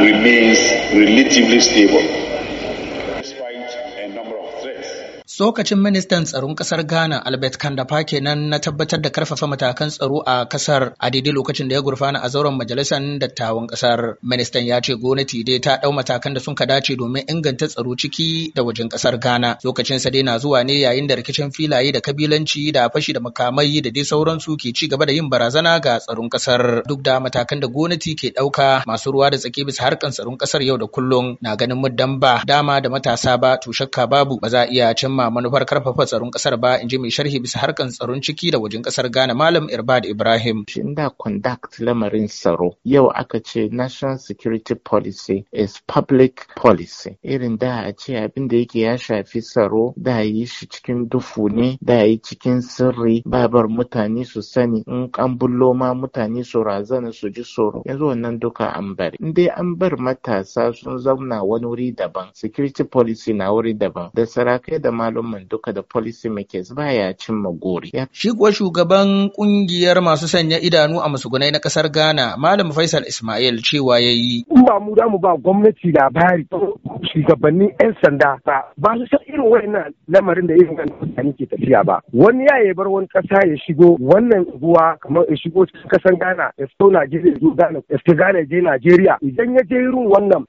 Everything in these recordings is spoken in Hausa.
remains relatively stable. Tsokacin ministan tsaron kasar Ghana Albert Kandafa kenan na tabbatar da karfafa matakan tsaro a kasar a daidai lokacin da ya gurfana a zauren majalisar dattawan kasar. Ministan ya ce gwamnati dai ta dau matakan da sun ka dace domin inganta tsaro ciki da wajen kasar Ghana. Tsokacin sa dai na zuwa ne yayin da rikicin filaye da kabilanci da fashi da makamai da dai sauransu ke ci gaba da yin barazana ga tsaron kasar. Duk da matakan da gwamnati ke dauka masu ruwa da tsaki bisa harkan tsaron kasar yau da kullum na ganin muddan ba dama da matasa ba to shakka babu ba za a iya cimma manufar karfafa tsaron kasar ba in ji mai sharhi bisa harkan tsaron ciki da wajen kasar Ghana Malam Irbad Ibrahim. Shin da conduct lamarin tsaro yau aka ce National Security Policy is public policy. Irin da a ce abin da yake ya shafi tsaro da yi shi cikin dufu ne da yi cikin sirri babar mutane su sani in kan bullo ma mutane su razana su ji tsoro yanzu wannan duka an bari. In dai an bar matasa sun zauna wani wuri daban security policy na wuri daban da sarakai da malam al'umman duka da policy makers ya cimma gori. Shi kuwa shugaban kungiyar masu sanya idanu a masugunai na kasar Ghana, Malam Faisal Ismail cewa ya yi. In ba mu damu ba gwamnati labari shugabannin 'yan sanda ba ba su san irin wannan lamarin da irin wannan da ke tafiya ba. Wani ya yi bar wani kasa ya shigo wannan ruwa kamar ya shigo cikin kasar Ghana ya fito Najeriya ya zo Ghana ya fito Ghana ya je Najeriya. Idan ya je irin wannan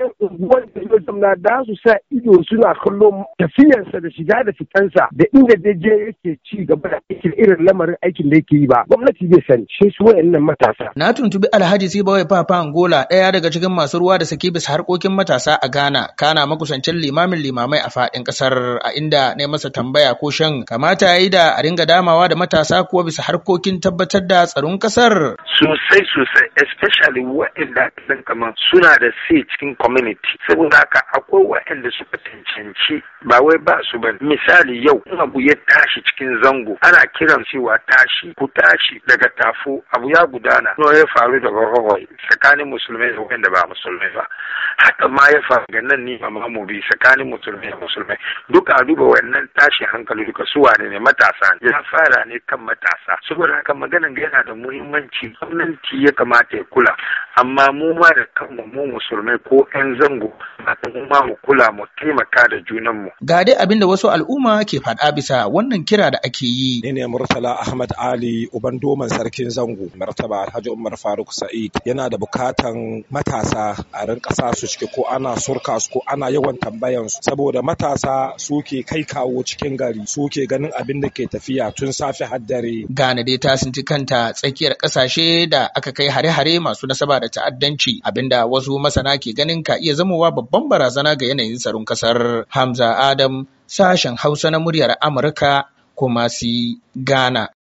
yan unguwar da ya zamna da su sa ido suna kallon tafiyarsa da da shiga da fitansa da inda zai je yake ci gaba da aikin irin lamarin aikin da yake yi ba gwamnati bai sani shi su wayannan matasa na tuntubi Alhaji Sibawai Papa Angola daya daga cikin masu ruwa da saki bisa harkokin matasa a Ghana kana makusancin limamin limamai a fadin kasar a inda ne masa tambaya ko shan kamata yayi da a ringa damawa da matasa kuwa bisa harkokin tabbatar da tsaron kasar sosai sosai especially waɗanda ɗin kamar suna da sai cikin community saboda haka akwai da suka cancanci ba wai ba su ba misali yau in abu ya tashi cikin zango ana kiran cewa tashi ku tashi daga tafo abu ya gudana no ya faru daga hawaii tsakanin musulmai da wanda ba musulmai ba ma ya faru ga nan ni mu bi tsakanin musulmi da musulmai duk a duba wannan tashi hankali duka su wane ne matasa ya fara ne kan matasa saboda haka maganan ga yana da muhimmanci gwamnati ya kamata ya kula amma mu ma da kanmu mu musulmai ko 'yan zango mu ma mu kula mu taimaka da junanmu. Ga dai abin da wasu al'umma ke faɗa bisa wannan kira da ake yi. Ni ne Murtala Ahmad Ali uban doman sarkin zango martaba Alhaji Umar Faruk Sa'id yana da bukatan matasa a rinka sa su ciki ko ana surka su ko ana yawan tambayan su saboda matasa suke kai kawo cikin gari suke ganin abin da ke tafiya tun safe har dare gane dai ta ci kanta tsakiyar kasashe da aka kai hare-hare masu nasaba da ta'addanci abinda wasu masana ke ganin ka iya zamowa babban barazana ga yanayin tsaron kasar Hamza Adam sashen Hausa na muryar Amurka kuma si Ghana